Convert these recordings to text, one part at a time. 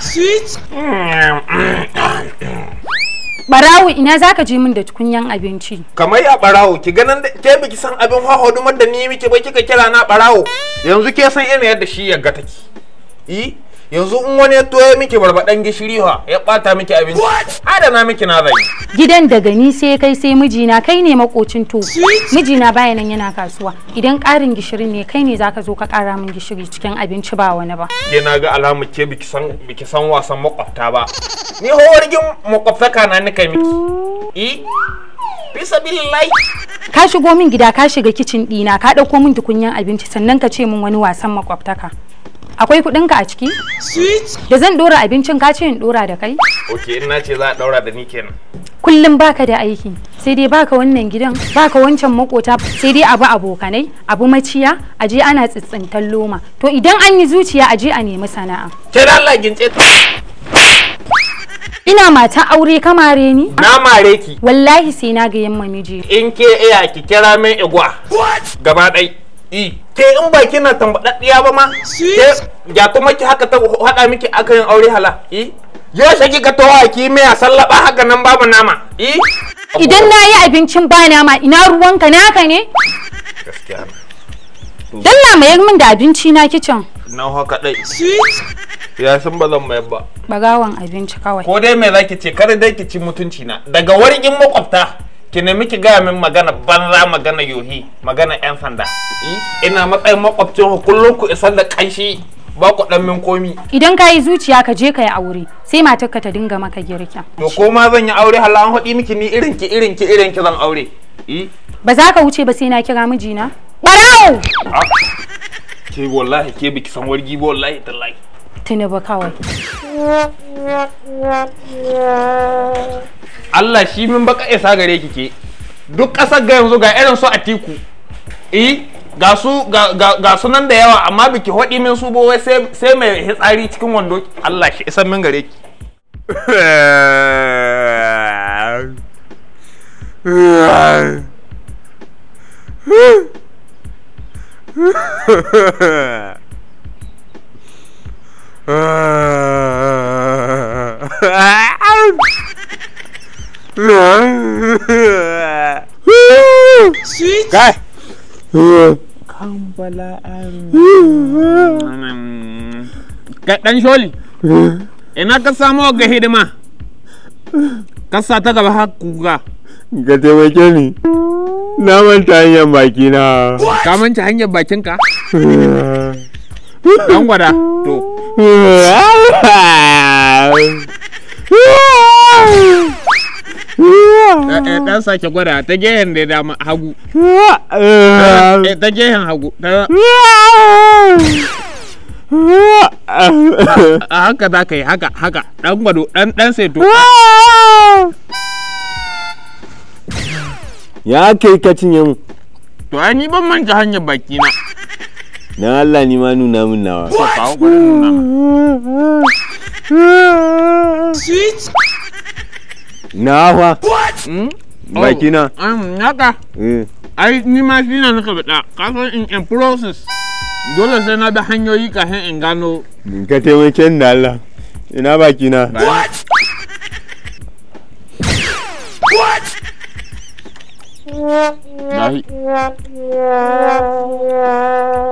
Sweet. Barawo ina zaka je min da tukunyan abinci? Kamar ya barawu ki ganin ke biki san abin hahodumar da ni miki bai kika kira na barawo. Yanzu ke san irin yadda shi ya ga take. Eh? yanzu in wani ya toye miki barbaɗan gishiri ha ya ɓata miki abinci adana miki na zai gidan daga ni sai kai sai mijina kai ne makocin to mijina baya nan yana kasuwa idan ƙarin gishirin ne kai ne zaka zo ka ƙara min gishiri cikin abinci ba wani ba ke na ga alamu ke biki san biki san wasan makwabta ba ni horigin kana ni nika miki e, i bisa billahi ka shigo min gida ka shiga kicin dina ka ɗauko min tukunyan abinci sannan ka ce min wani wasan makwabtaka Akwai ka a ciki? Sweet. Da zan ɗora abincin ka ce in ɗora da kai? Oke, in na ce za a ɗora da ni kenan. Kullum baka da aiki, sai dai baka wannan gidan, baka wancan makota, sai dai abu abokanai, abu maciya, aje ana tsitsintan loma. To idan an yi zuciya aje a nemi sana'a. Ke da Allah gintse Ina mata aure ka mare ni? Na mare ki. Wallahi sai na ga yamma miji. In ke iya ki kira min igwa. Gaba ɗai. Eh. ke in ba kina tambadaddiya ba ma ya kuma ki haka ta hada miki akan aure hala eh. yau shaki ka towa ki mai sallaba haka nan babu nama eh. idan na yi abincin ba nama ina ruwanka naka ne gaskiya na mai min da abinci na kicin na haka dai ya san ba zan mayar ba bagawan abinci kawai ko dai me zaki ce kar dai ki ci mutunci na daga wargin makwabta ki miki gaya min magana banza magana yohi magana yan sanda eh? ina matsayin makwabcin kullum ku isar da kanshi ba ku dan min komi idan ka yi zuciya ka je ka yi aure sai matarka ta dinga maka girkin to ko ma zan yi aure hala an hudi miki ni irin ki irin ki irin ki zan aure eh? ba za ka wuce ba sai na kira mijina barawo. Ah! ke wallahi ke biki san wargi ba wallahi tallahi tuni ba kawai Allah shi min baka isa gare ki ke duk ƙasar ga yanzu ga irin su a tiku eh, ga su ga su nan da yawa amma biki hodi min su bo sai sai mai hitsari cikin wando Allah shi isa min gare ki Ah kambala kaɗan sholi ina ka samu ga hidima ka sa ta gaba har kuka ka taimake ni na manta hanyar baki na ka manta hanyar bakinka an gwada to ta sake gwada ta gehen da dama hagu eh, ta gehen hagu a haka za ka yi haka haka dan gwado dan dan to. ya ke ka cinye mu to an yi ban manta hanyar baki na na Allah ni ma nuna min nawa to kawo gwada na fa Oh, baki na um, naka eh. ai ni ma shi na naka bada kasan in in process dole sai na bi hanyoyi kafin in gano ka te weekend da Allah ina baki na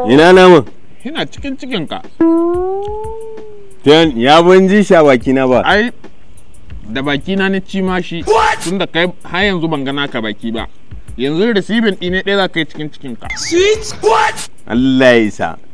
Ina na namun? Ina cikin cikin cikinka. Ya bunji sha baki na ba. Ai, da baki na na ci ma shi tun da kai har yanzu ban gana ka baki ba yanzu receiving ɗine ɗaya za ka yi cikin cikin ka sweet what Allah ya isa